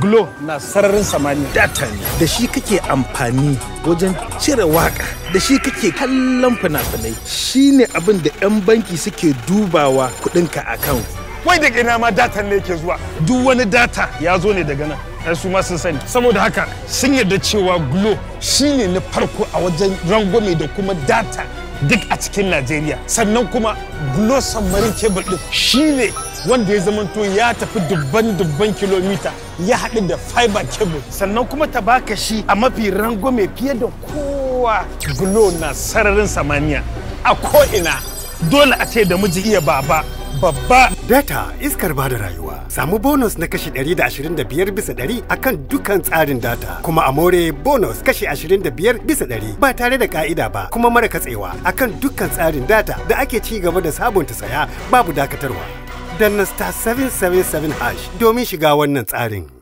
glo na sararin samani data ne da shi kake amfani wajen cire waka da shi kake kallon fina-finai shi ne abin da 'yan banki suke dubawa kudinka a kan wai da ina ma datan ne yake zuwa duk wani data ya zo ne daga nan ai su ma sun sani saboda haka sun yarda cewa glo shine na farko a wajen rangwame da kuma data duk a cikin najeriya sannan kuma glo sammarin kebul din shine wanda ya zama to ya tafi dubban dubban kilomita ya haɗu da fiber cable sannan kuma ta baka shi a mafi rangwame fiye da kowa glo na sararin samaniya a ko'ina dole a ce da miji iya baba babba data iskar bada rayuwa samu bonus na kashi 125 bisa 100 akan dukkan tsarin data kuma a more bonus kashi 25 bisa 100 ba tare da ka'ida ba kuma mara katsewa akan dukkan tsarin data da ake ci gaba da sabunta saya babu dakatarwa danna star 777 hash domin shiga wannan tsarin.